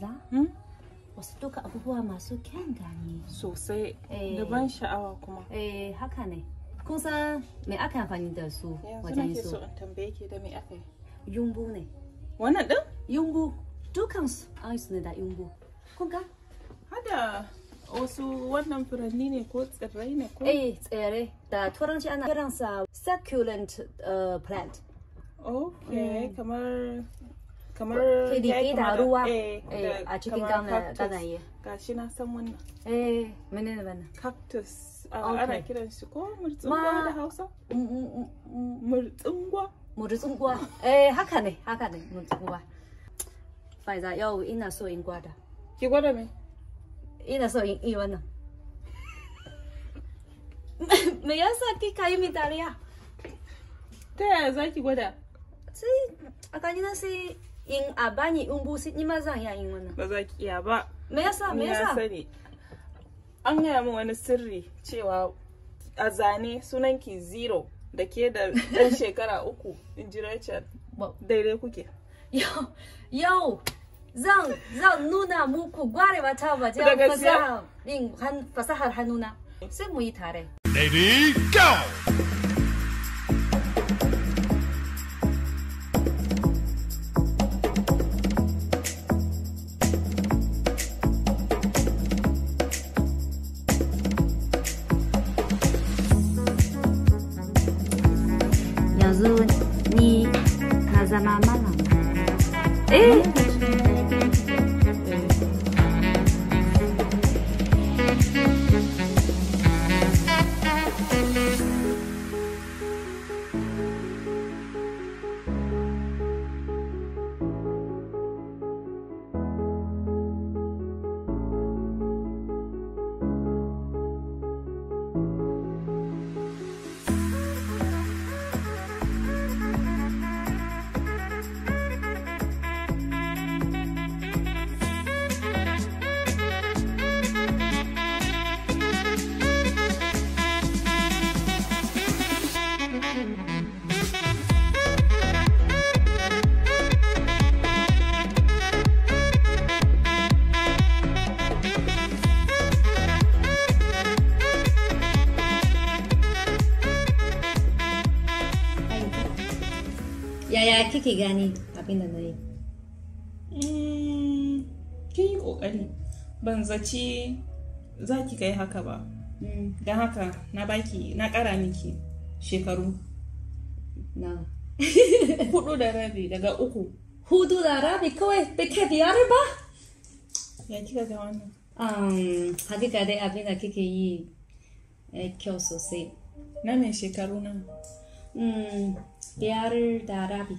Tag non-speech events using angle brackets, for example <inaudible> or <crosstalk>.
hadiza hmm? wasu duka abubuwa masu kyan gani sosai da eh. ban sha'awa kuma eh haka ne kusa me aka amfani da su wajen su so tambaye ke da me aka yi yumbu ne wannan din yumbu dukan su an su ne da yumbu kun ga hada wasu wannan furanni ne ko tsirrai ne ko eh tsirrai da turanci ana kiransa succulent eh, plant okay mm. kamar kamar kai KDP taruwa a cikin ganaye gashi na san wannan eh menene wannan cactus ana kiran shi ko murtsungwa da Hausa mm, mm, mm, murtsungwa murtsungwa eh haka ne haka ne murtsungwa Faiza yau ina so in gwada ki gwada me ina so in yi wannan me yasa ki kai mi dariya ta yaya ki gwada sai a kanina sai in a bani in busi ni ma zan iya yin wannan ba za ki iya ba me yasa me yasa sani an gaya min wani sirri cewa a zane sunanki zero da ke da ɗan <laughs> shekara uku in ji Rachel daidai kuke yau yau zan zan nuna muku ba ta waje fasahar hannuna sai mu yi tare lady go 妈妈呢？诶。yaya kike gani abin da na yi mm, kin yi kokari ban zaci za ki kai haka ba mm. don haka na baki na kara miki shekaru na <laughs> hudu da rabi daga uku hudu da rabi kawai da ke biyar ba ya kika ga wannan hakika dai abin da kike yi eh, kyau sosai na mai shekaru nan 음, 예아를 다라비.